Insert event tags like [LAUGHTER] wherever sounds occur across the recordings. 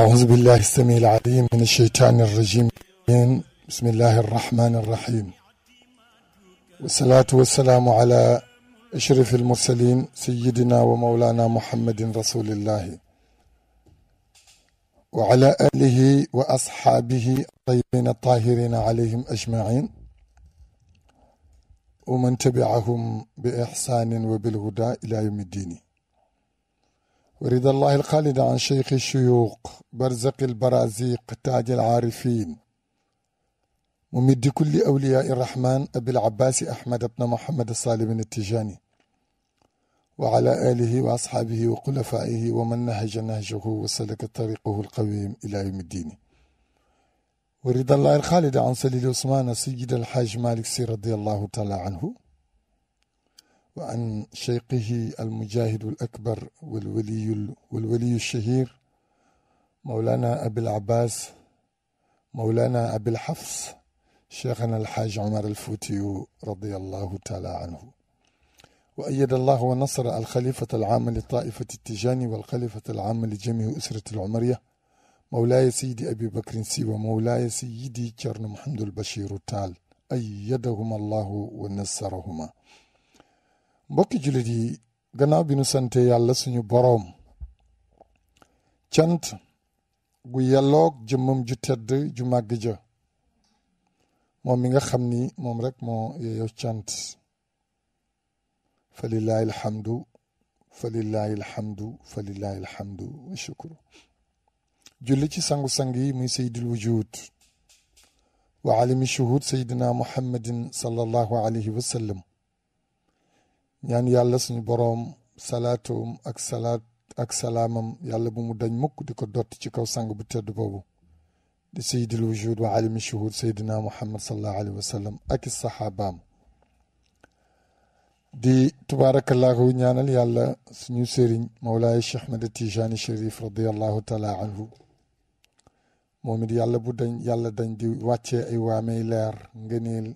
أعوذ بالله السميع العليم من الشيطان الرجيم بسم الله الرحمن الرحيم والصلاة والسلام على أشرف المرسلين سيدنا ومولانا محمد رسول الله وعلى آله وأصحابه الطيبين الطاهرين عليهم أجمعين ومن تبعهم بإحسان وبالهدى إلى يوم الدين ورد الله الخالد عن شيخ الشيوخ برزق البرازيق تاج العارفين ممد كل أولياء الرحمن أبي العباس أحمد بن محمد الصالح بن التجاني وعلى آله وأصحابه وخلفائه ومن نهج نهجه وسلك طريقه القويم إلى يوم الدين ورد الله الخالد عن سليل عثمان سيد الحاج مالك سي رضي الله تعالى عنه وعن شيقه المجاهد الأكبر والولي, والولي الشهير مولانا أبي العباس مولانا أبي الحفص شيخنا الحاج عمر الفوتي رضي الله تعالى عنه وأيد الله ونصر الخليفة العام لطائفة التجاني والخليفة العام لجميع أسرة العمرية مولاي سيدي أبي بكر سي ومولاي سيدي جرن محمد البشير تال أيدهما الله ونصرهما mbokki jullit yi gannaaw bi nu sante yàlla suñu boroom cant gu yelloog jëmmam ju tedd ju màgg ja moom mi nga xam ni moom rek moo yeeyoo cant fa lillaahi alhamdu fa lillaahi alhamdu fa lillaahi alhamdu wa julli ci sangu-sang yi muy sayyidul wujud wa alimi shuhud sayyidina muhammadin sallallahu alayhi wa sallam ñaan yàlla suñu boroom salaatoom ak salaat ak salaamam yàlla bu mu dañ mukk di ko dotti ci kaw sang bu tedd boobu di sayyidil wujud wa alimi shuhud sayyidina muhammad sallallahu alayhi wa sallam ak i saxaabaam di tubaarakallaahu ñaanal yàlla suñu sëriñ mawlaay cheikh ahmad tijaani moom it yàlla bu dañ yàlla dañ di wàccee ay waamey leer ngëneel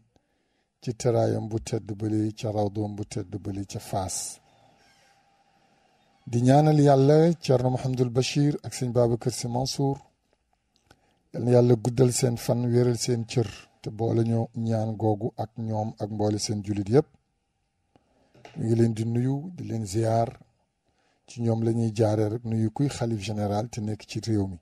ci tëraayam bu tedd bële ca rawdoom bu tedd bële ca faas di ñaanal yàlla Thierno Mouhamadul Bachir ak sëñ Babacar Sy Mansour yal na yàlla guddal seen fan wéeral seen cër te boole ñoo ñaan googu ak ñoom ak mboole seen julit yëpp ñu ngi leen di nuyu di leen ziar ci ñoom lañuy jaare rek nuyu kuy xalif général te nekk ci réew mi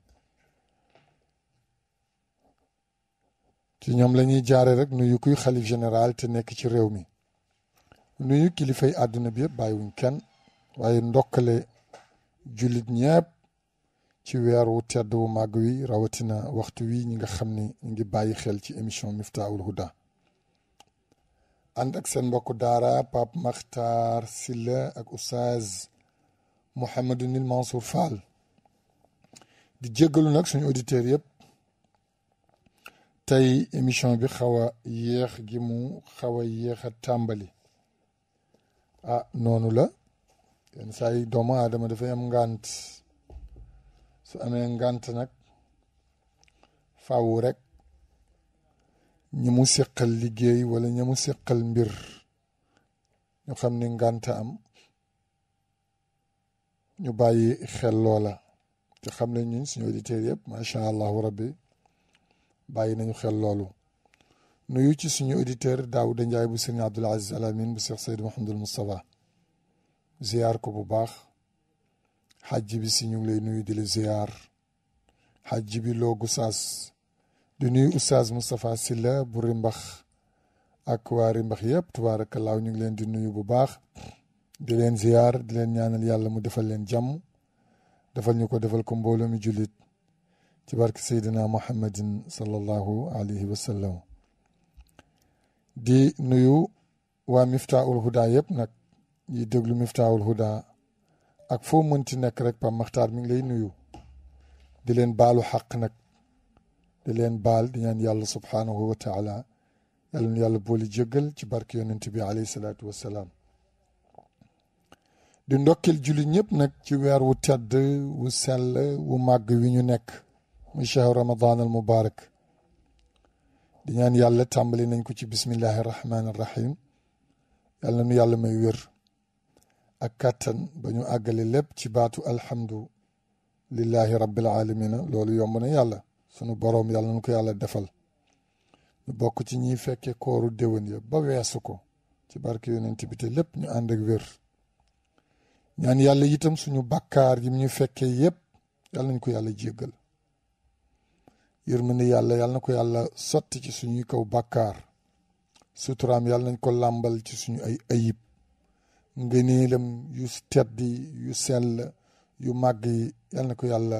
ci ñoom la ñuy jaare rek nuyu kuy xalif général te nekk ci réew mi nuyu kilifay àdduna bi yëpp bàyyiwuñ kenn waaye ndokkale jullit ñëpp ci weer wu tedd wu màgg wi rawatina waxtu wi ñi nga xam ni ñu ngi bàyyi xel ci émission Miftahoul Houda ànd ak seen mbokku daara Pape Makhtar Silla ak Oustaz Mouhamadou Nil Mansour di jéggalu nag suñu auditeurs yëpp tey émission bi xaw a yéex gi mu xaw a yéex a tàmbali a ah, noonu la yenn saa doomu aadama dafay am ngànt su amee ngànt nag faw rek ñi mu seqal liggéey wala ñumu mu seqal mbir ñu xam ni ngànt am ñu bàyyi xel loola te xam ne ñun suñu auditeurs yëpp macha allahu rabbi bàyyi nañu xel loolu nuyu ci suñu auditeur Daouda Ndiaye bu Serigne Abdoul Aziz Al Amin bu Cheikh Seydou Mouhamadul Moustapha ziyaar ko bu baax xaj bi si ñu ngi lay nuyu di la ziyaar xaj bi loo di nuyu oustaz Moustapha Silla bu mbax ak waa rimbax yëpp tubaarakallaaw ñu ngi leen di nuyu bu baax di leen ziyaar di leen ñaanal yàlla mu defal leen jàmm defal ñu ko defal ko mbooloo mi jullit ci barke Seydina Muhammadin sallallahu alayhi wa sallam di nuyu waa Miftaahul Huda yëpp nag ñiy déglu Miftaahul Huda ak foo mënti nekk rek Pape Makhtar mi ngi lay nuyu di leen baalu xaq nag di leen baal di ñaan yàlla subhaanahu wa taala yàlla nu yàlla booli jéggal ci barke yonent bi alayhi salaatu wassalaam di ndokkeel jullit ñëpp nag ci weer wu tedd wu sell wu màgg wi ñu nekk muy shahru ramadan al mubarak ñaan yàlla tàmbali nañ ko ci bismillahi rahmaani rahim yàlla nu yàlla may wér ak kàttan ba ñu àggale lépp ci baatu alhamdu lillahi rabbil alamina loolu yomb na yàlla sunu boroom yàlla nu ko yàlla defal ñu bokk ci ñiy fekke kooru déwén ya ba weesu ko ci barke yonent bi te lépp ñu ànd ak wér ñaan yàlla itam suñu bakkaar yi ñu fekkee yépp yàlla nañ ko yàlla jéggal yërmande yàlla yàlla na ko yàlla sotti ci suñuy kaw bàkkaar suturaam yàlla nañ ko làmbal ci suñu ay ayib ngëneelam yu tedd yu sell yu màgg yi yàlla ko yàlla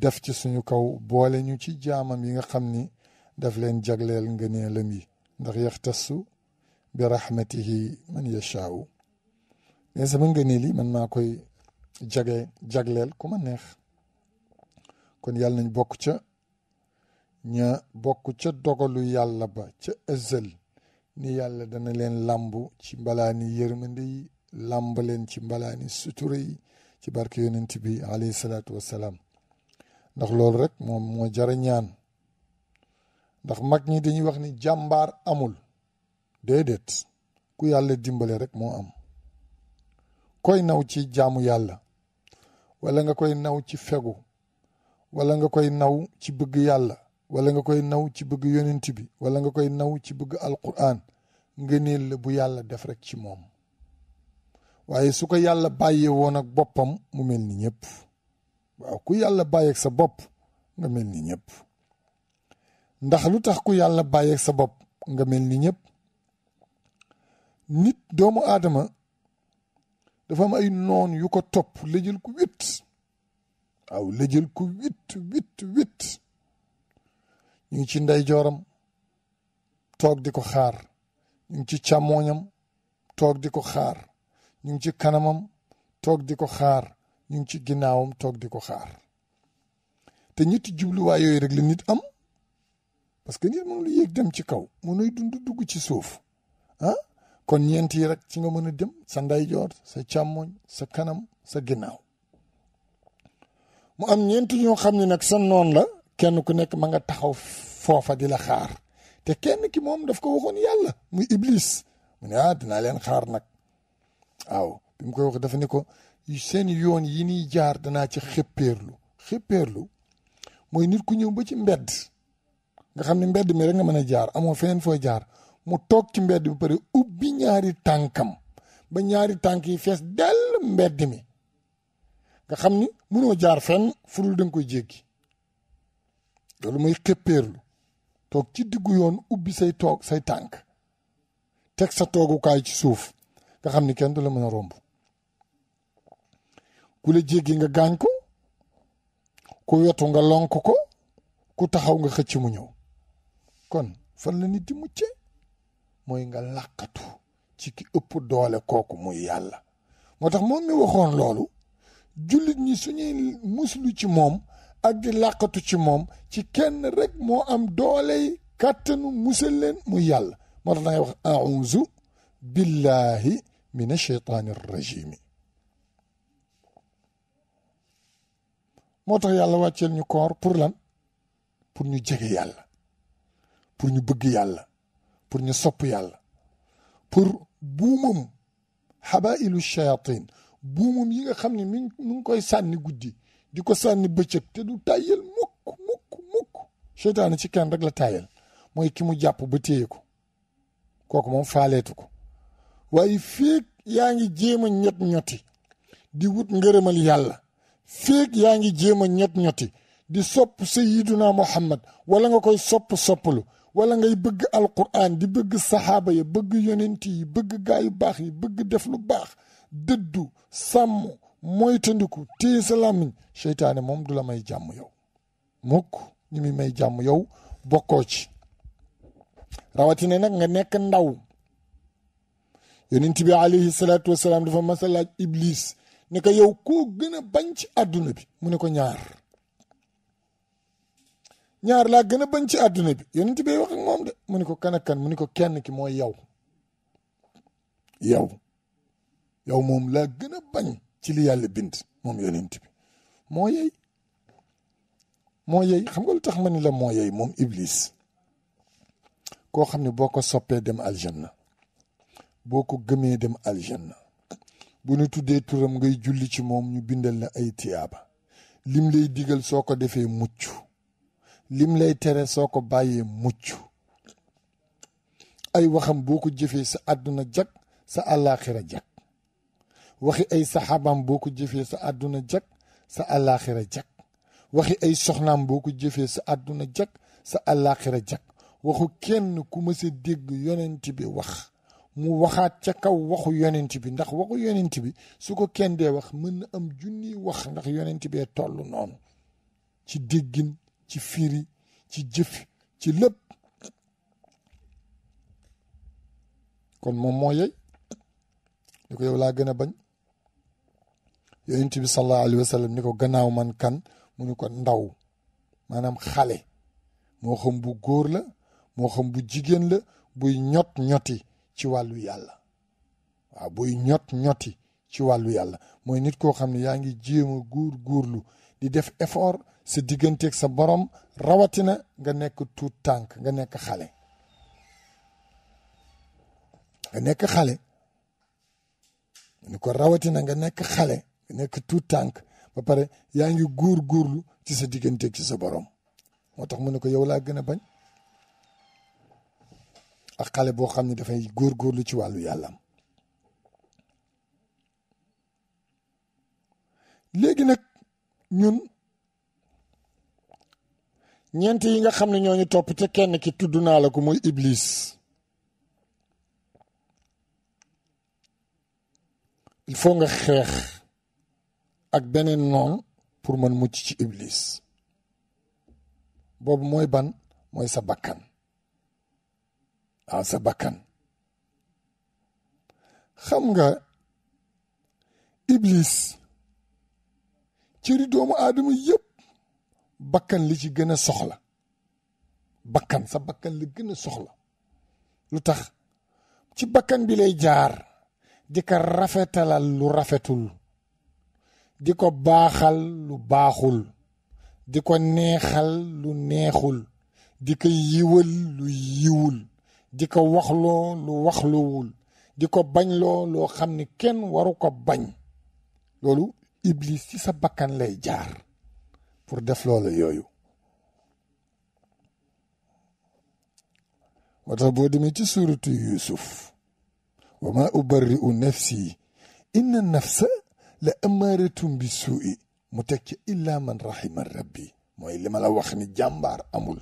def ci suñu kaw boole ñu ci jaamam yi nga xam ni def leen jagleel ngëneelam yi ndax yaxtassu bi rahmatihi man yashaau ne sama ngëneel yi man maa koy jage jagleel ku neex kon yàlla nañ bokk ca ña bokk ca dogalu yàlla ba ca ëzël ni yàlla dana leen làmb ci mbalaani yërmande yi làmb leen ci mbalaani sutura yi ci barke yonent bi alayhi salaatu wassalaam ndax loolu rek moom moo jara ñaan ndax mag ñi dañuy wax ni jàmbar amul déedéet ku yàlla dimbale rek moo am koy naw ci jaamu yàlla walla nga koy naw ci fegu wala nga koy naw ci bëgg yàlla wala nga koy naw ci bëgg yonent bi wala nga koy naw ci bëgg alquran ngëneel la bu yàlla def rek ci moom waaye su ko yàlla bàyyee woon ak boppam mu mel ni ñëpp ku yàlla bàyyeeg sa bopp nga mel ni ñëpp lu tax ku yàlla bàyyeeg sa bopp nga mel ni ñëpp nit doomu aadama dafa am ay noon yu ko topp la jël ku wét waaw la ko huit huit huit ñu ngi ci ndeyjooram toog di ko xaar ñu ngi ci càmmooñam toog di ko xaar ñu ngi ci kanamam toog di ko xaar ñu ngi ci ginnaawam toog di ko xaar te ñetti jubluwaay yooyu rek la nit am parce que nit mënul yéeg dem ci kaw mënuy dund dugg ci suuf ah kon ñeent yi rek ci nga mën a dem sa ndeyjoor sa càmmooñ sa kanam sa ginnaaw mu am ñeenti ñoo xam ne nag sa noon la kenn ku nekk ma nga taxaw foofa di la xaar te kenn ki moom daf ko waxoon yàlla muy iblis mu ne ah dinaa leen xaar nag waaw bi mu koy wax dafa ne ko seen yoon yi nii jaar danaa ci xëppeerlu xëppeerlu mooy nit ku ñëw ba ci mbedd nga xam ni mbedd mi rek nga mën a jaar amoo feneen fooy jaar mu toog ci mbedd bi pare ubbi ñaari tànkam ba ñaari tànk yi fees dell mbedd mi nga xam ni mënoo jaar fenn furul da koy jéegi loolu mooy xëppéerlu toog ci diggu yoon ubbi say toog say tànk teg sa toogukaay ci suuf nga xam ni kenn du la mën a romb ku la jéggi nga gaañ ko ku wetu nga lonk ko ku taxaw nga xëcc mu ñëw kon fan la nit di mucce mooy nga làqatu ci ki ëpp doole kooku muy yàlla moo tax moom mi waxoon loolu jullit ñi suñuy muslu ci moom ak di làqatu ci moom ci kenn rek moo am dooley kàttanu musal leen muy yàlla moo tax dangay wax auzu billahi min asheytaani rajimi moo tax yàlla wàcceel ñu koor pour lan pour ñu jege yàlla pour ñu bëgg yàlla pour ñu sopp yàlla pour buumam xabailu shayatin buumam yi nga xam ne mi ngi koy sànni guddi di ko sànni bëccëg te du tàyyel mukk mukk mukk seytaane ci kenn rek la tàyyel mooy ki mu jàpp ba téye ko kooku moom faaleetu ko waaye féeg yaa ngi jéem a ñot ñoti di wut ngërëmal yàlla féeg yaa ngi jéem a ñot ñoti di sopp sayiduna muhammad wala nga koy sopp soppalu wala ngay bëgg alquran di bëgg saxaaba ya bëgg yonent yi bëgg gaa yu baax yi bëgg def lu baax dëddu sàmm moytandiku téye sa làmmiñ moom du la may jàmm yow mukk ñi may jàmm yow bokkoo ci rawatina nag nga nekk ndaw yonent bi alayhi salaatu wasalaam dafa mas a laaj iblis ne ko yow koo gën a bañ ci àdduna bi mu ne ko ñaar ñaar laa gën a bañ ci àdduna bi yonent bi wax ak moom de mu ko kan ak mu ne ko kenn ki mooy yow yow yow moom laa gën a bañ ci li yàlla bind moom yonent bi moo yey moo yey xam nga lu tax ma ni la moo yey moom iblis koo xam ne boo ko soppee dem aljanna boo ko gëmee dem aljanna bu ñu tuddee turam ngay julli ci moom ñu bindal la ay tiyaaba lim lay digal soo ko defee mucc lim lay tere soo ko bàyyee mucc ay waxam boo ko jëfee sa àdduna jag sa àllaaxira jag waxi ay saxaabam boo ko jëfee sa àdduna jag sa àllaaxira jag waxi ay soxnaam boo ko jëfee sa àdduna jag sa àllaaxira jag waxu kenn ku ma dégg yonent bi wax mu waxaat ca kaw waxu yonent bi ndax waxu yonent bi su ko kenn dee wax mën na am junni wax ndax yonent bee toll noonu ci déggin ci firi ci jëf ci lépp kon moom moo yey lu ko yow laa gën a bañ yonent bi sallallahu alayhi wa ni ko gannaaw man kan mu ni ko ndaw maanaam xale moo xam bu góor la moo xam bu jigéen la buy ñot ñoti ci wàllu yàlla buy ñot ñoti ci wàllu yàlla mooy nit koo xam ne yaa ngi jéem góor góorlu di def effort sa digganteeg sa boroom rawatina nga nekk tuut tànk nga nekk xale nga nekk xale mu ni ko rawatina nga nekk xale nekk tout tànk ba pare yaa ngi góor góorlu ci sa digganteeg ci sa borom moo tax mu ne ko yow laa gën a bañ ak xale boo xam ne dafay góor góorlu ci wàllu yàllam léegi nag ñun ñeent yi nga xam ne ñoo ñu topp te kenn ki tudd naa la ko muy iblis il faut nga xeex ak beneen noon pour man mucc ci iblis boobu mooy ban mooy sa bakkan waaw ah, sa bakkan xam nga iblis cëri doomu aadama yëpp bakkan li ci gën soxla bakkan sa bakkan li gën a soxla lu tax ci bakkan bi lay jaar di ka rafetalal lu rafetul di ko baaxal lu baaxul di ko neexal lu neexul di ko yiwal lu yiwul di ko waxloo lu waxluwul di ko bañloo loo xam ni kenn waru ko bañ loolu iblis ci sa bakkan lay jaar pour def loolu yooyu moo tax boo demee ci suuratu Yuusuf wa maa ubarri'u nafsi inna nafsa la amaratum bi suu'i mu teg ci illaa man rahima rabbi mooy li ma la wax ni jàmbaar amul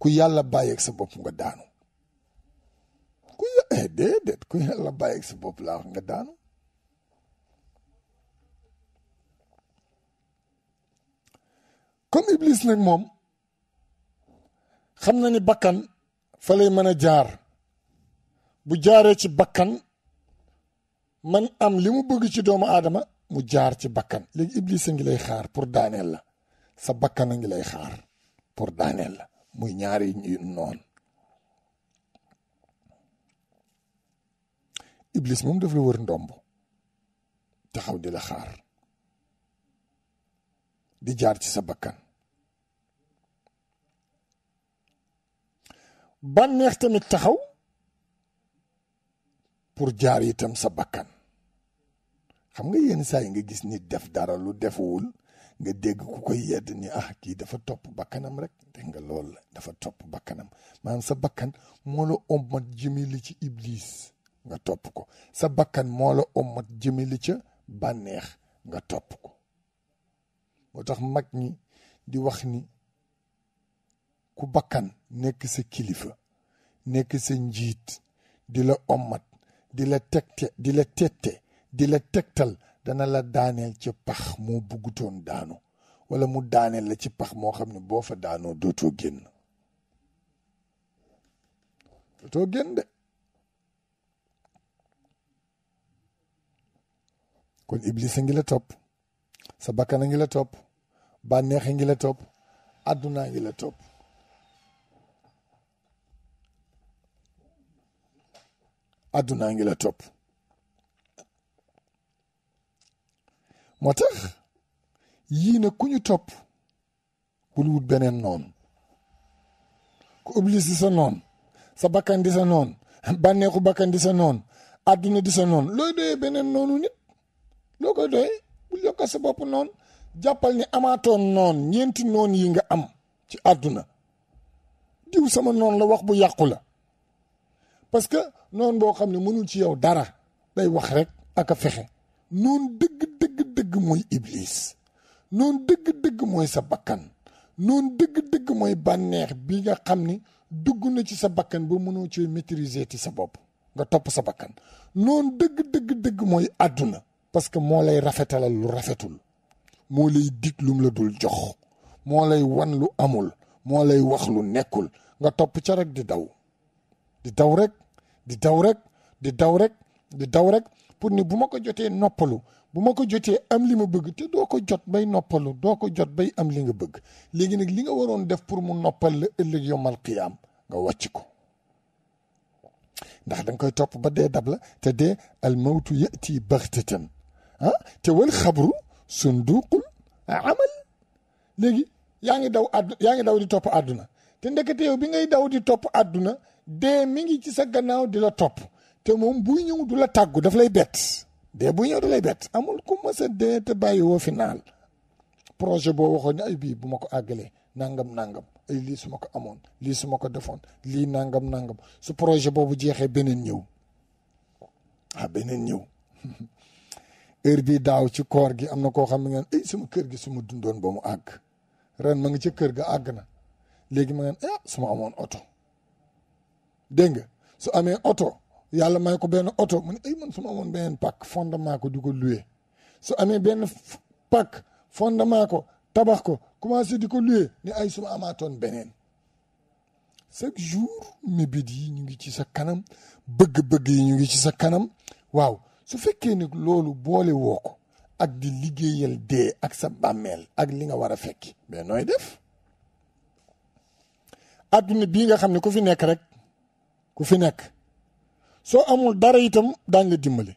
ku yàlla bàyyeeg sa bopp nga daanu ku yà eh, déedéet ku yàlla bàyyeeg sa bopp laa wax nga daanu comme Iblis nag moom xam na ni bakkan fa lay mën a jaar bu jaaree ci bakkan man am li mu bëgg ci doomu aadama mu jaar ci bakkan léegi iblis a ngi lay xaar pour daaneel la sa bakkan a ngi lay xaar pour daaneel la muy ñaari noon iblis moom daf la wër ndomb taxaw di la xaar di jaar ci sa bakkan bànneex tamit taxaw pour jaar yitam sa bakkan xam nga yenn saa yi nga gis nit def dara lu defuwul nga dégg ku koy yedd ni ah kii dafa topp bakkanam rek dégg nga lool dafa topp bakkanam maanaam sa bakkan moo la ommat jëmale ci iblis nga topp ko sa bakkan moo la ommat jëmale ca bànneex nga topp ko moo tax mag ñi di wax ni ku bakkan nekk sa kilifa nekk sa njiit di la ommat di la tegte di la tette di la tegtal dana la daaneel ci pax mu buggutoon daanu wala mu daaneel la ci pax moo xam ne boo fa daanoo dootoo génn dootoo génn de kon iblis a ngi la topp sa bakkan a ngi la topp bànneex a ngi la topp àdduna a ngi la topp àddunaa ngi la topp moo tax yii na ku ñu topp bul wut beneen noon ku iblis di sa noon sa bakkan di sa noon bànneexu bakkan di sa noon àdduna di sa noon looy doyee beneen noonu nit loo koy doyee bul yokkal sa bopp noon jàppal ni amaatoon noon ñeenti noon yi nga am ci àdduna diw sama noon la wax bu yàqu la parce que noonu boo xam ne mënul ci yow dara day wax rek ak a fexe noonu dëgg dëgg dëgg mooy iblis noonu dëgg dëgg mooy sa bakkan noonu dëgg dëgg mooy bànneex bi nga xam ni dugg na ci sa bakkan ba mënoo ci maîtriser ci sa bopp nga topp sa bakkan noonu dëgg dëgg dëgg mooy àdduna parce que moo lay rafetalal lu rafetul moo lay dig lum la dul jox moo lay wan lu amul moo lay wax lu nekkul nga topp ca rek di daw di daw rek di daw rek di daw rek di daw rek pour ni bu ma ko jotee noppalu bu ma ko jotee am li ma bëgg te doo ko jot bay noppalu doo ko jot bay am li nga bëgg léegi nag li nga waroon def pour mun noppal la ëllëg yomal qiyaam nga wàcc ko ndax da koy topp ba dee dab la te dee al mawtu yati baxtatan ah, te wal xabru sunduqul amal léegi yaa ngi daw àdd yaa ngi daw di topp àdduna te ndekete yow bi ngay daw di topp àdduna de mi ngi ci sa gannaaw di la topp te moom buy ñëw du la tàggu daf lay bett dee buy ñëw du lay bett amul ku ma a dee te bàyyi woo final projet boo waxoon ne ay bii bu ma ko àggalee nangam nangam ay lii su ma ko amoon lii su ma ko defoon lii nangam nangam su projet boobu jeexee beneen ñëw a ah, beneen ñëw [LAUGHS] heure bii daaw ci koor gi am na koo xam ne ngeen ay eh, sama kër gi su ma dundoon boo mu àgg ren ma ngi ci kër ga àgg na léegi ma ngeen ah su ma amoon oto. dégg nga su amee oto yàlla may ko benn oto mu ne ay man su amoon beneen pàkk fondement ko di ko su amee benn fondement ko tabax ko commencé di ko loué ne ay suma amaatoon beneen chaque jour mébét yi ñu ngi ci sa kanam bëgg-bëgg yi ñu ngi ci sa kanam waaw su fekkee ne loolu boole woo ko ak di liggéeyal dee ak sa bàmmeel ak li nga war a fekki mais nooy def adduna bii nga xam ne ku fi nekk rek ku fi nekk soo amul dara itam daañ la dimbali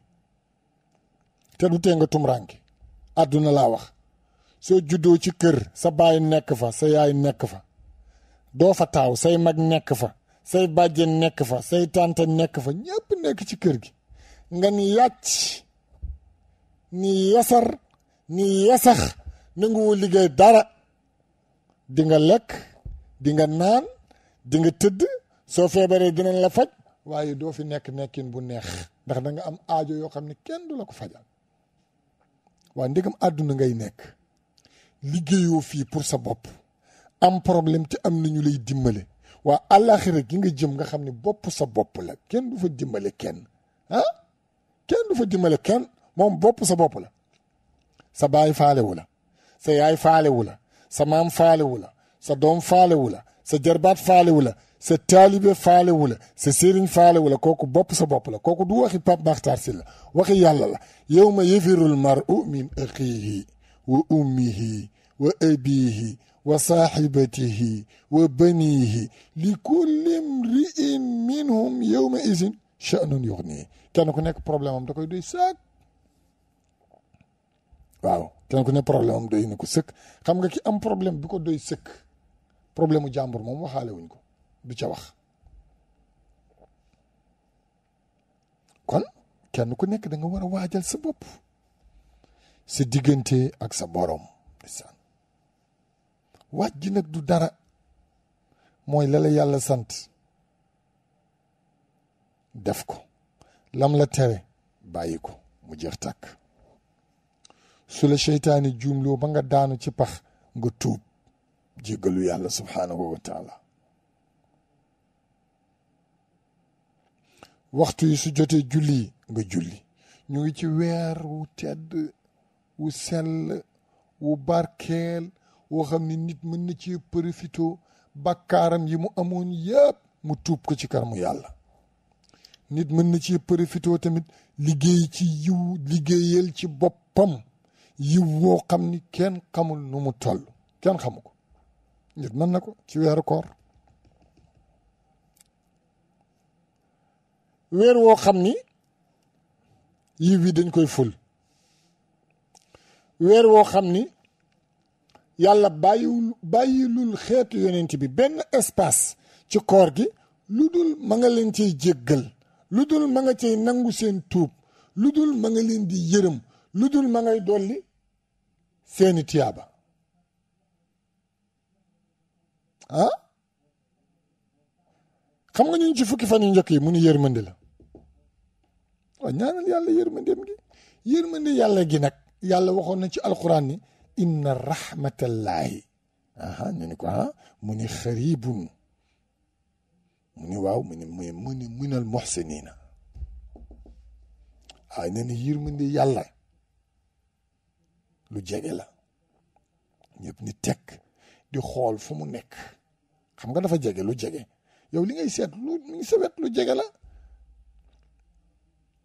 te du tee nga tumuraanke àdduna laa wax soo juddoo ci kër sa baay nekk fa sa yaay nekk fa doo fa taaw say mag nekk fa say bàjjen nekk fa say tante nekk fa ñépp nekk ci kër gi nga ni yàcc ni yasar ni yasax nanguwul liggéey dara di nga lekk di nga naan di nga tëdd soo feebaree dinañ la faj waaye doo fi nekk nekkin bu neex ndax da nga am aajo yoo xam ne kenn du la ko fajal waa ndegam àdduna ngay nekk liggéeyoo fii pour sa bopp am problème te am na ñu lay dimbale waa àllaaxira gi nga jëm nga xam ni bopp sa bopp la kenn du fa dimbale kenn ah kenn du fa dimbale kenn moom bopp sa bopp la sa baay faalewu la sa yaay faalewu la sa maam faalewu la sa doom faalewu la sa jarbaat faalewu la sa taalibe faalewu la sa faale faalewu la kooku bopp sa bopp la kooku du waxi Pape si Sylla waxi yàlla la yow ma yafirul mar'u min axiihi wa ummihi wa abiihi wa saaxibatihi wa baniihi li kulli mri'in minhum yawma izin sha'nun yuxnii kenn ku nekk problème am da koy doy saak waaw kenn ku nekk problème am doy na ko sëkk xam nga ki am problème bi ko doy sëkk problème mu jàmbur moom waxaale wuñ ko du ca wax kon kenn ku nekk da nga war a waajal sa si sa diggante ak sa boroom ndeysaan waaj gi nag du dara mooy la la yàlla sant def ko lam la tere bàyyi ko mu jeex takk su la seytaane juumloo ba nga daanu ci pax nga tuub jéggalu yàlla subhaanahu wa taala waxtu yi su jotee julli nga julli ñu ngi ci weer wu tedd wu sell wu barkeel woo xam ne nit mën na ci profito bakkaaram yi mu amoon yëpp mu tuub ko ci kanamu yàlla nit mën na ci profito tamit liggéey ci yiw liggéeyal ci boppam yiw woo xam ni kenn xamul nu mu toll kenn xamu ko nit mën na ko ci weeru koor weer woo xam ni yiw wi dañ koy ful weer woo xam ni yàlla bàyyiwul bàyyilul xeetu yonent bi benn espaas ci koor gi lu dul ma nga leen cay jéggal lu dul ma nga cay nangu seen tuub lu dul ma nga leen di yërëm lu dul ma ngay dolli seeni tiyaaba ah xam nga ñun ci fukki fan yu njëkk yi mu nu yërmandi la waaw ñaanal yàlla yërmandeem gi yërmande yàlla gi nag yàlla waxoon na ci alquran ni inna rahmatallahi aha ñu ni ko ah mu ni xaribun mu ni waaw mu ni mu ni minal muxsinina ah nee na yërmande yàlla lu jege la ñëpp ni tekk di xool fa mu nekk xam nga dafa jege lu jege yow li ngay seet lu mi ngi lu jege la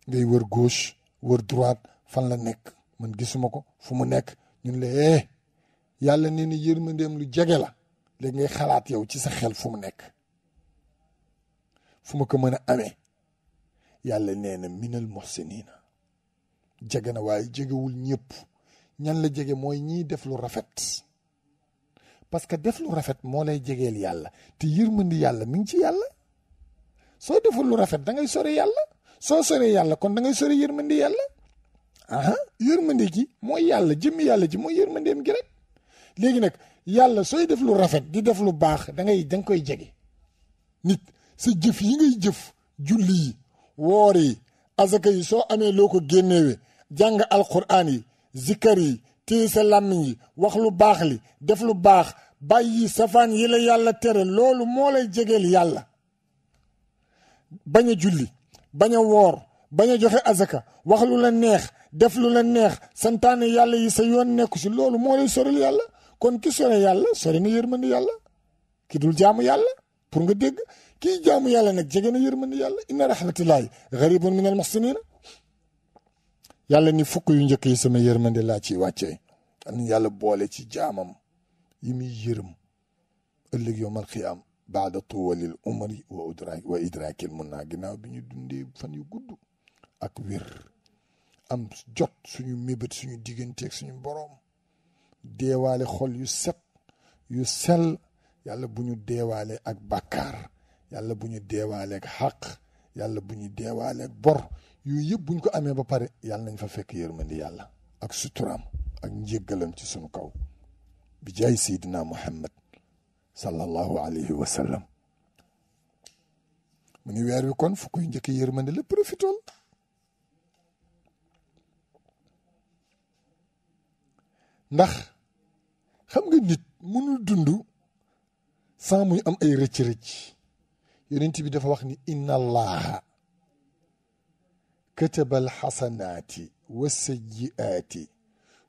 ngay wër gauche wër droite fan la nekk man gisuma ko fu mu nekk ñun la eh yàlla nee na yërmandeem lu jege la léegi ngay xalaat yow ci sa xel fu mu nekk fu ma ko mën a amee yàlla nee na minal muhsinina jege na waaye jegewul ñëpp ñan la jege mooy ñiy def lu rafet parce que def lu rafet moo lay jegeel yàlla te yërmandi yàlla mi ngi ci yàlla soo deful lu rafet da ngay yàlla soo soree yàlla kon da ngay sori yërmande yàlla aha yërmande ji mooy yàlla jëmmi yàlla ji mooy yërmandeem gi rek léegi nag yàlla sooy def lu rafet di def lu baax da ngay da koy jege nit si jëf yi ngay jëf julli yi woor yi azaka yi soo amee loo ko génneewe jàng alquran yi zikkar yi téye sa làmmiñ yi wax lu baax li def lu baax bàyyi safaan yi la yàlla tere loolu moo lay jegeel yàlla bañ a julli bañ a woor bañ a joxe azaka wax lu la neex def lu la neex santaane yàlla yi sa yoon nekku si loolu moo lay soril yàlla kon ki sore yàlla sore na yàlla ki dul jaamu yàlla pour nga dégg kii jaamu yàlla nag jege na yërmandi yàlla inna rahmatillahi garibun min al muhsinina yàlla ni fukk yu njëkk yi sama yërmandi laa ciy wàccee an yàlla boole ci jaamam yi muy yërëm ëllëg yowmal xiyaam baada tuwalil umari wa udra wa idraakil mun naa ginnaaw bi ñu dundee fan yu gudd ak wér am jot suñu mébét suñu digganteeg suñu boroom deewaale xol yu set yu sel yàlla bu ñu deewaale ak bàkkaar yàlla bu ñu deewaale ak xàq yàlla bu ñu deewaale ak bor yooyu yëpp bu ñu ko amee ba pare yàlla nañ fa fekk yërmandi yàlla ak suturaam ak njéggalam ci suñu kaw bi jaay seydina muhammad sallallahu alayhi wa sallam mu weer wi kon fu yu njëkk yërmande la profitool ndax xam nga nit mënul dund sans muy am ay rëcc-rëcc yonent bi dafa wax ni inna allaha kataba alxasanaati wa sayyiaati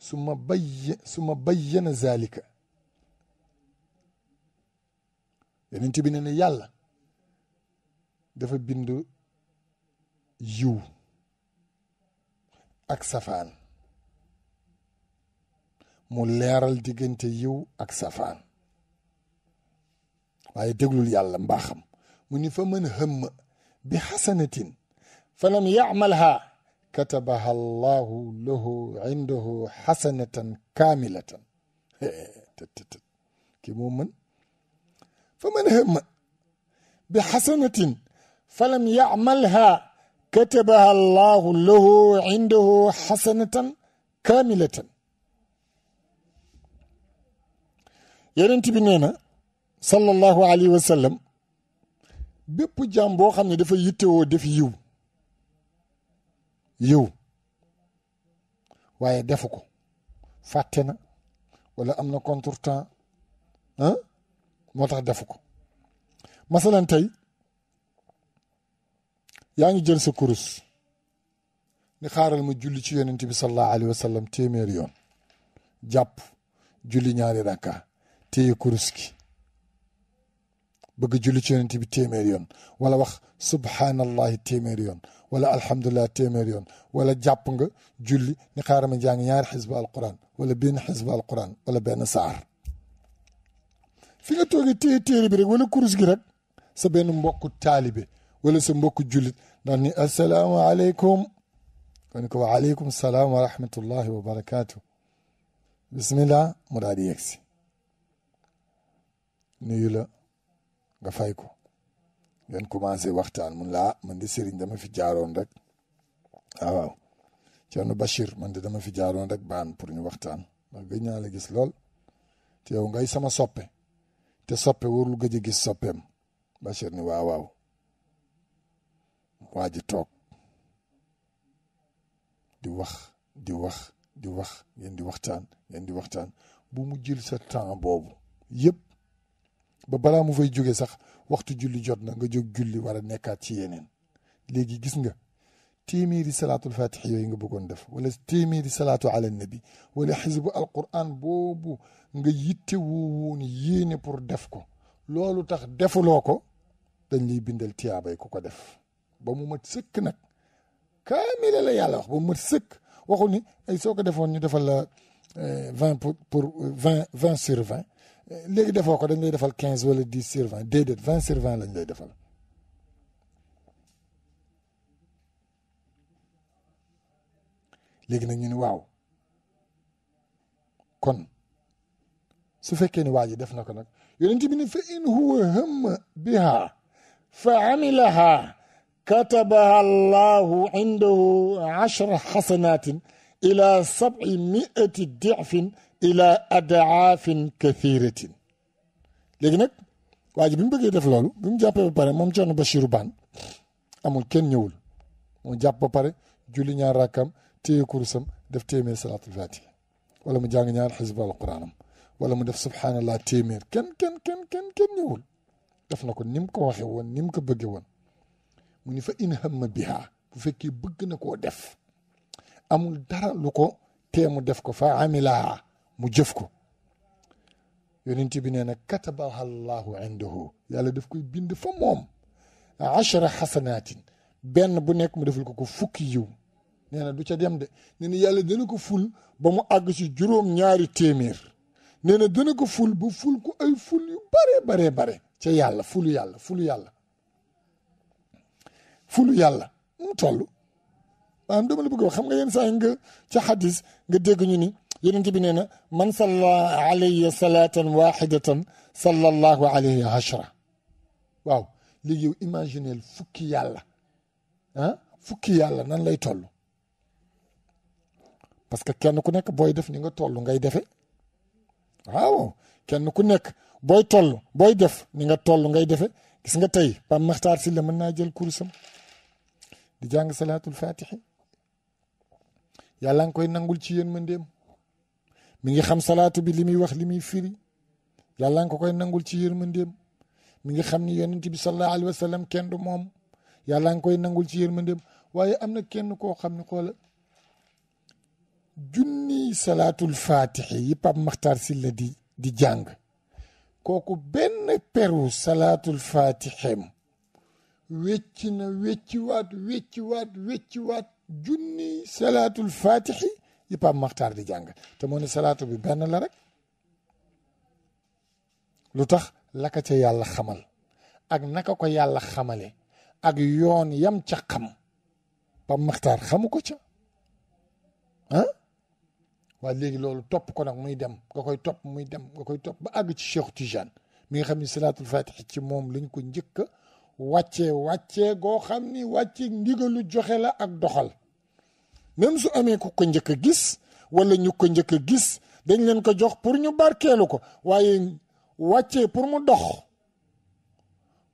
suma bay suma bayyana zalika yonent bi ne ne yàlla dafa bind yiw ak safaan mu leeral diggante yiw ak safaan waaye déglul yàlla mbaaxam mu fa mën hëmm bi xasanatin fa lam yacmalha katabaha allahu lahu indahu xasanatan kaamilatan [LAUGHS] te ki moo mën فمن هم بحسنة فلم يعملها كتبها الله له عنده حسنة كاملة yonent bi nee na sallallahu alayhi wa sallam bépp boo xam ne dafa yittewoo def yiw yiw waaye defu ko fàtte na wala am na contretemps moo tax defu ko masalan tey yaa ngi jël sa kurus ni xaaral ma julli ci yonent bi sallallahu alayhi wa sallam yoon jàpp julli ñaari rakka téye kurus gi bëgg julli ci yonent bi téeméer yoon wala wax subhaanallahi téeméer yoon wala alhamdulilah téeméer yoon wala jàpp nga julli ni xaaral ma jàng ñaari xisba alquran wala benn xisba alquran wala benn saar fi nga toogee téye téere bi rek wala kurus gi rek sa benn mbokku taalibe wala sa mbokku jullit ndax ni asalaamaaleykum ma ne ko wa aleykum salaam wa rahmatullahi wa barakaatu bismillah mu daal yegsi nuyu la nga fay ko ngeen commencé waxtaan mun laa man di sëriñ dama fi jaaroon rek ah waaw Thierno Bachir man dama fi jaaroon rek baan pour ñu waxtaan ndax gëj naa gis lool te yow ngay sama soppe te soppe warul gëj a gis soppeem Bachir ni waaw waaw waa ji toog di wax di wax di wax ngeen di waxtaan ngeen di waxtaan bu mu jël sa temps boobu yépp ba balaa mu fay jóge sax waxtu julli jot na nga jóg julli war a nekkaat ci yeneen léegi gis nga téeméeri salaatul fatiha yooyu nga bëggoon def wala téeméeri salaatu ala nabi wala xisbu alquran boobu nga yitte woo woon yéene pour def ko loolu tax defuloo ko dañ lay bindal tiyaabay ku ko def ba mu mat sëkk nag kaamila la yàlla wax ba mu mat sëkk waxu ni ay soo ko defoon ñu defal la euh, vingt pour pour euh, vingt vingt sur vingt euh, léegi defoo ko dañ lay defal quinze wala dix sur vingt déedéet vingt sur vingt lañ lay defal léegi nag ñu ne waaw kon su fekkee ne waa def na ko nag yonent bi ne fa in huwa hamma biha fa amilaha katabaha allahu indahu achra ila sab'i miati ila adaafin kathiratin léegi nag waaj ji bi mu bëggee def loolu bi mu jàppee ba pare moom ba Bachiru Baan amul kenn ñëwul mu jàpp ba pare julli ñaar rakkam téye kurusam def téeméer salaatul fatiha wala mu jàng ñaar xisbu alquran am wala mu def subhanallah téeméer kenn kenn kenn kenn kenn ñëwul def na ko nim mu ko waxee woon ni mu ko bëggee woon mu ni fa in hamma biha bu fekki bëgg na koo def amul dara lu ko tee mu def ko fa amilaa mu jëf ko yonent bi nee na katabaha allahu indahu yàlla daf koy bind fa moom achara xasanaatin benn bu nekk mu defal ko ko fukki yiw nee na du ca dem de nee na yàlla dana ko ful ba mu àgg si juróom ñaari téeméer nee na ko ful bu ful ko ay ful yu bare bare bare ca yàlla fulu yàlla ful yàlla fulu yàlla mu toll maanaam la bëgg wax xam nga yenn saa yi nga ca xadis nga dégg ñu ni yonent bi nee na man salla alayya salaatan waxidatan sallallahu alayhi ashra waaw léegi yow imagineel fukki yàlla ah, fukki yàlla nan lay toll parce que kenn ku nekk booy def ni nga tollu ngay defe waaw kenn ku nekk booy toll booy def ni nga toll ngay defe gis nga tey Pape Makhtar Sylla mën naa jël kurusam di jàng salaatul faatixi yàlla nga koy nangul ci yéen mëndeem mi ngi xam salaatu bi li muy wax li muy firi yàlla nga koy nangul ci yërmandeem mi ngi xam ni yonent bi sallallahu alayhi wa sallam kenn du moom yàlla nga koy nangul ci yërmandeem waaye am na kenn koo xam ne xoola junniy salaatul faatixi yi Pape Makhtar Sylla di di jàng kooku benn peru salaatul faatixem wecci na wecciwaat wecciwaat wecciwaat junniy salaatul faatixi yi Pape Makhtar di jàng te moo ne salaatu bi benn la rek lu tax laka ca yàlla xamal ak naka ko yàlla xamale ak yoon yam ca xam Pape Makhtar xamu ko ca ah waa léegi loolu topp ko nag muy dem nga koy topp muy dem nga koy topp ba àgg ci Cheikh Tijane mi nga xam ni salaatul fatiha ci moom lañ ko njëkk wàccee wàccee xam ni wàcce ndigalu joxe la ak doxal même su amee ku ko njëkk a gis wala ñu ko njëkk gis dañ leen ko jox pour ñu barkeelu ko waaye wàccee pour mu dox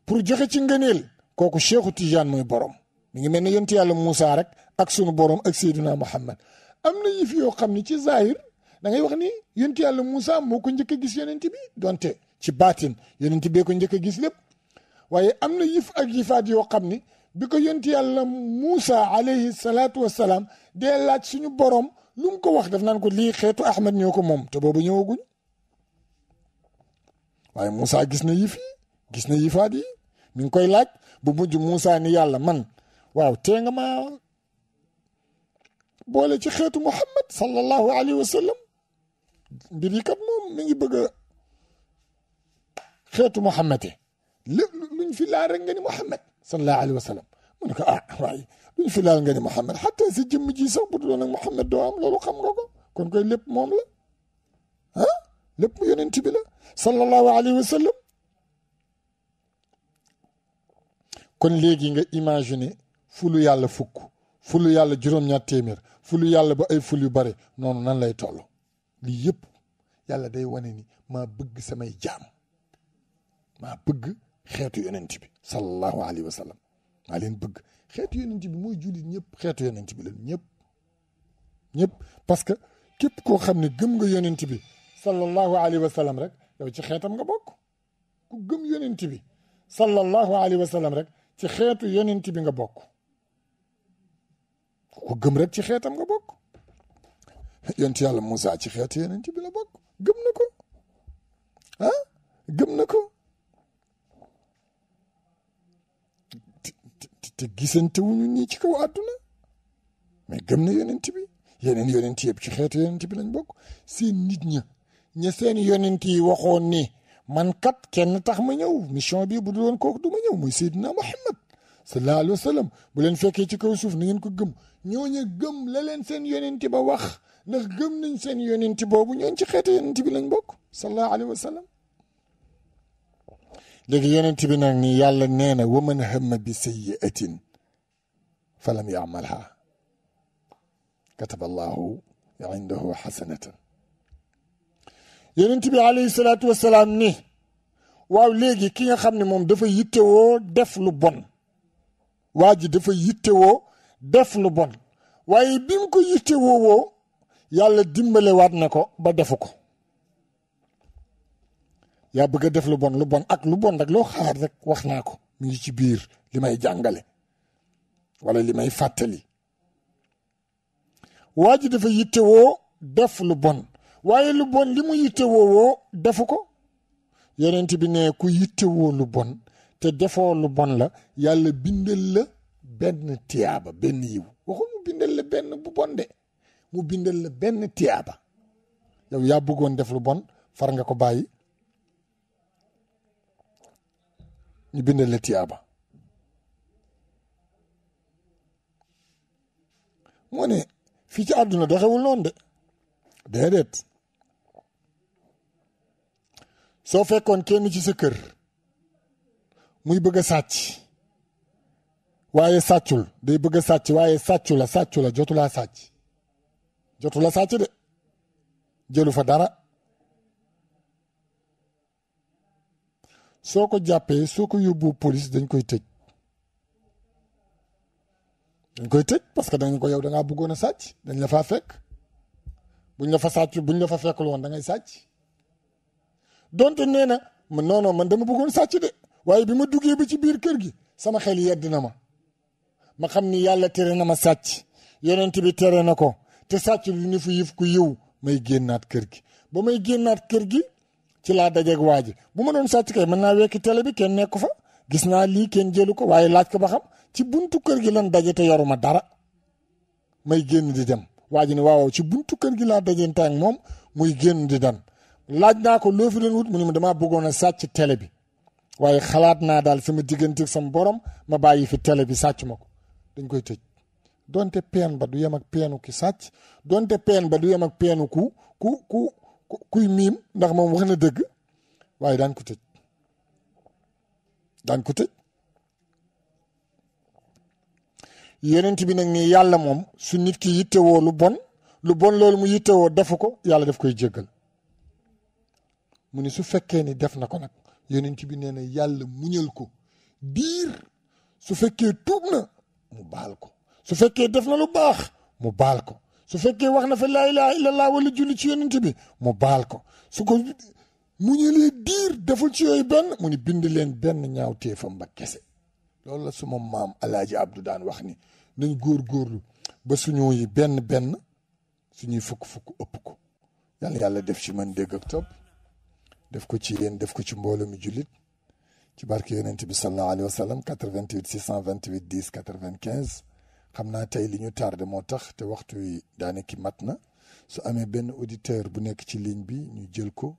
pour joxe ci ngëneel kooku Cheikhu Tijane mooy borom mi ngi mel ne yonent yàlla Moussa rek ak sunu borom ak Seydina Muhammad am na yëf yoo xam ni ci zahir da ngay wax ni yonent yàlla Moussa moo ko njëkk a gis yonent bi donte ci baatin yonent bee ko njëkk a gis lépp waaye am na yëf ak yëfaat yoo xam ni bi ko yonent yàlla Moussa alayhi salaatu wassalaam dee laaj suñu borom lu ko wax daf naan ko lii xeetu Ahmed ñëw ko moom te boobu ñëwaguñ waaye Moussa gis na yëf yi gis na yëfaat yi mi ngi koy laaj bu mujj Moussa ni yàlla man waaw tee nga ma boole ci xeetu muhammad sallallahu alayhi wa sallam mbir yi kat moom mi ngi bëgg a xeetu muhammad yi lépp luñ fi laal rek nga ni muhammad sallallahu alayhi wa sallam mu ne ko ah waaye luñ fi laal nga ni muhammad xataa si jëmm ji so bu doon ak muhammad doo am loolu xam nga ko kon koy lépp moom la ah lépp yonent bi la sallallahu alayhi wa kon léegi nga imaginer fulu yàlla fukk fulu yàlla juróom-ñaar téeméer fulu yàlla ba ay ful yu bare noonu nan lay toll lii yëpp yàlla day wane ni maa bëgg samay jaam maa bëgg xeetu yonent bi sallallahu alayhi wa leen bëgg xeetu yonent bi mooy ñëpp xeetu yonent bi leen ñëpp ñëpp parce que képp koo xam ne gëm nga yonent bi sallallahu alayhi wa sallam rek yow ci xeetam nga bokk ku gëm yonent bi sallallahu alayhi wa sallam rek ci xeetu yonent bi nga bokk ku gëm rek ci xeetam nga bokk yonent yàlla Moussa ci xeet yeneen ci bi la bokk gëm na ko ah gëm na ko te gisante wuñu nii ci kaw àdduna mais gëm na yonent bi yeneen yonent yëpp ci xeetu yonent bi lañ bokk seen nit ña ña seen yonent yi waxoon ni man kat kenn tax ma ñëw mission bi bu woon kooku du ma ñëw muy Seydina Muhammad sallallahu alayhi wa bu leen fekkee ci kaw suuf na ngeen ko gëm ñooñu gëm la leen seen yonent ba wax ndax gëm nañ seen yonent boobu ñooñ ci xeetu yonent bi lañ bokk sallallahu alayhi wa sallam léegi yonent nag ni yàlla nee na waman hamma bi sayyi'atin falam ya'malha kataba allahu indahu hasanatan yonent bi waaw léegi ki nga xam ne moom dafa yittewoo def lu bon waa ji dafa yittewoo def lu bon waaye bi mu ko yittewoo woo yàlla dimbale waat na ko ba defu ko yaa bëgg a def lu bon lu bon ak lu bon rek loo xalaat rek wax naa ko mu ngi ci biir li may jàngale wala li may fàttali waa ji dafa yittewoo def lu bon waaye lu bon li mu yittewoo woo defu ko yonent bi ne ku yittewoo lu bon te defoo lu bon la yàlla bindal la benn tiyaaba benn yiw waxul mu bindal la benn bu bon de mu bindal la benn tiyaaba yow yaa bëggoon def lu bon far nga ko bàyyi ñu bindal la tiyaaba moo ne fii ci àdduna doxewul noonu de déedéet soo fekkoon kenn ci sa muy bëgg a sàcc waaye sàccul day bëgg a sàcc waaye sàccu la sàccu la jotu laa sàcc jotu la sàcc de jëlu fa dara soo ko jàppee soo ko yóbbu police dañ koy tëj dañ koy tëj parce que dañ ko yow dangaa bëggoon a sàcc dañ la faa fekk buñ la fa sàcc buñ la fa fekkul woon da ngay sàcc donte nee na non non man dama bëggoon sàcc de. waaye bi ma duggee ba ci biir kër gi sama xel yedd na ma ma xam ni yàlla tere na ma sàcc yonent bi tere na ko te sàcc lu ni fu yif ku yiw may génnaat kër gi ba may génnaat kër gi ci laa dajeeg waa ji bu ma doon sàcc kay mën naa wekki tele bi kenn nekku fa gis naa lii kenn jëlu ko waaye laaj ko ba xam ci buntu kër gi lan daje te yoruma dara may génn di dem waa ji ne waaw ci buntu kër gi laa dajante moom muy génn di dem laaj naa ko loo fi doon wut mu ne ma damaa bëggoon a sàcc télé bi waaye xalaat naa daal sama digganteeg sama borom ma bàyyi fi télé bi sàcc ma ko dañ koy tëj donte peen ba du yem ak peenu ki sàcc donte peen ba du yem ak peenu ku ku ku kuy miim ndax moom wax na dëgg waaye daan ko tëj daan ko tëj yenent bi nag nii yàlla moom su nit ki yittewoo lu bon lu bon loolu mu yittewoo defu ko yàlla daf koy jéggal mu ni su fekkee ni def na ko nag yonent bi nee na yàlla muñal ko diir su fekkee tuub na mu baal ko su fekkee def na lu baax mu baal ko su fekkee wax na fa laa ilaha laa walla julli ci yonent bi mu baal ko su ko muñalee diir deful ci yooyu benn mu ni bind leen benn ñaaw téefam ba kese loolu la suma maam alaaji abdu daan wax ni nañ góor-góorlu ba suñu yi benn benn suñuy fukk-fukk ëpp ko yàlla def ci man dégg ak def ko ci yéen def ko ci mbooloo mi jullit ci barke yonent bi sallallahu alayhi wa sallam 88 628 10 95 xam naa tey li ñu tardé moo tax te waxtu yi daanaki mat na su amee benn auditeur bu nekk ci ligne bi ñu jël ko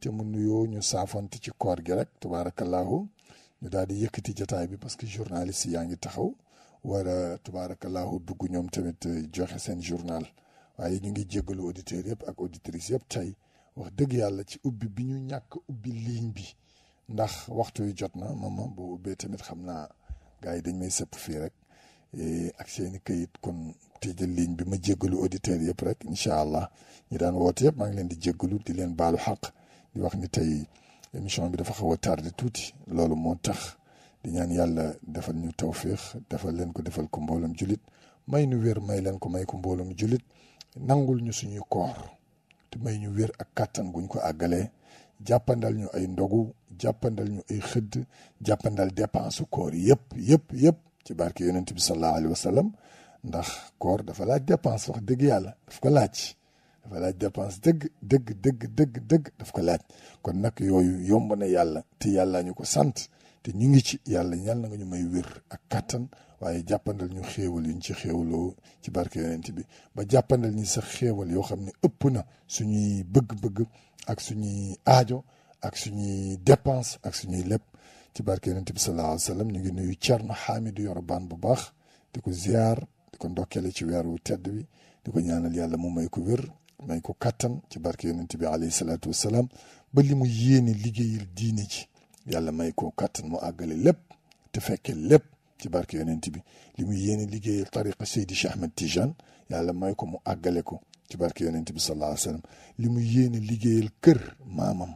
te mu nuyoo ñu saafante ci koor gi rek tubaarakallaahu ñu daal di yëkkati jataay bi parce que journalist yaa ngi taxaw wara tubaarakallaahu dugg ñoom tamit joxe seen journal waaye ñu ngi jéggalu auditeurs yëpp ak auditrices yëpp tey wax dëgg yàlla ci ubbi bi ñu ñàkk ubbi liiñ bi ndax waxtu yu jot na maman bu ubbee tamit xam naa gars yi dañ may sëpp fii rek eh, ak seeni këyit kon tëjal liiñ bi ma jéggalu auditeurs yëpp rek incha allah ñu daan woot yëpp maa ngi leen di jéggalu di leen baalu xaq di wax ni tey émission bi dafa xaw a tardé tuuti loolu moo tax di ñaan yàlla defal ñu tawféex defal leen ko defal ko mboolem julit may nu wér may leen ko may ko mboolem julit nangul ñu suñuy te may ñu wér ak kàttan guñ ko àggalee jàppandal ñu ay ndogu jàppandal ñu ay xëdd jàppandal dépense koor yëpp yëpp yëpp ci barke yonent bi sallallahu alayhi wa sallam ndax koor dafa laaj dépense wax dëgg yàlla daf ko laaj dafa laaj dépense dëgg dëgg dëgg dëgg dëgg daf ko laaj kon nag yooyu yomb na yàlla te yàlla ñu ko sant te ñu ngi ci yàlla ñal na nga ñu may wér ak kattan waaye jàppandal ñu xéewal yuñ ci xéewaloo ci barke yonent bi ba jàppandal ñu sax xéewal yoo xam ne ëpp na suñuy bëgg-bëgg ak suñuy aajo ak suñuy dépense ak suñuy lépp ci barke yonent bi sallallahu alayhi ñu ngi nuyu Thierno Hamidou Yoro Bane bu baax di ko ziar di ko ndokkeele ci weer wu tedd bi di ko ñaanal yàlla mu may ko wér may ko kàttan ci barke yonent bi alayhi salaatu wasalaam ba li mu yéene liggéeyal diine ci yàlla may ko kàttan mu àggale lépp te fekke lépp ci barke yonent bi li muy yéene liggéeyal tariqa Seydi Cheikh Ahmed Tijane yàlla may ko mu àggale ko ci barke yonent bi sallallahu alayhi wa sallam li muy yéene liggéeyal kër maamam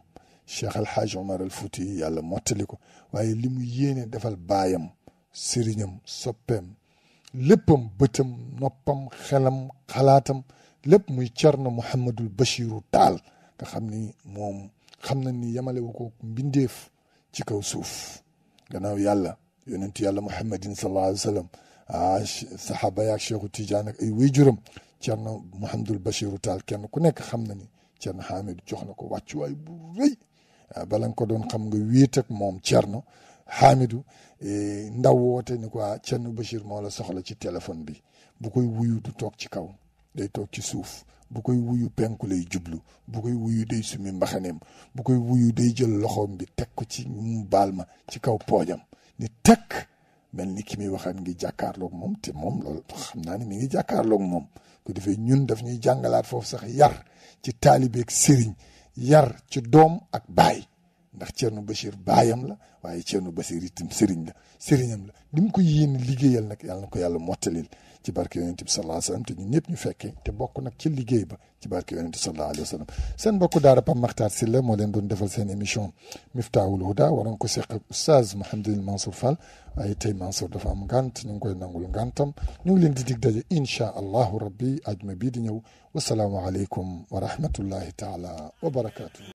Cheikh El Hadj Omar al Fouti yàlla mottali ko waaye li muy yéene defal baayam sëriñam soppeem léppam bëtam noppam xelam xalaatam lépp muy mu Mouhamadul Bachiru Taal nga xam ni moom xam na ni yamale wu ko mbindeef ci kaw suuf gannaaw yàlla yonentu yàlla muhammadin sallallahu alayhi wa sallam ah saxaaba yaak cheikhu Tidiane ak ay wéyjuram Thierno Mouhamadul Bachirou Tall kenn ku nekk xam na ni Thierno Hamidou jox na ko wàccuwaay bu rëy ah, ko doon xam nga wéet ak moom Thierno Hamidou eh, ndaw woote ni ko ah, Thierno Bachir moo la soxla ci téléphone bi bu koy wuyu du toog ci kaw day toog ci suuf. bu koy wuyu penku lay jublu bu koy wuyu day sumi mbaxaneem bu koy wuyu day jël loxoom bi teg ko ci mu baal ma ci kaw poojam ni tekk mel ni ki muy waxaat ngi jàkkaarloog moom te moom loolu xam naa ne mi ngi jàkkaarloog moom ko ñun daf ñuy jàngalaat foofu sax yar ci taalibeeg sëriñ yar ci doom ak baay ndax Thierno Bachir baayam la waaye Thierno Bachir itam sëriñ la sëriñam la li mu ko yéene liggéeyal nag yàlla ko yàlla mottalil ci barke yonent bi sallallahu alayhi te ñun ñëpp ñu fekkee te bokk nag ci liggéey ba ci barke yonent bi sallallahu alayhi wa sallam seen daara Pape Makhtar Sylla moo leen doon defal seen émission Miftaahul Huda waroon ko seq ak oustaz Mouhamadul Mansour Fall waaye tey Mansour dafa am gant ñu ngi koy nangul ngàntam ñu ngi leen di dig daje incha allahu rabbi ajuma bii di ñëw wasalaamualeykum wa rahmatullahi taala wa barakaatu.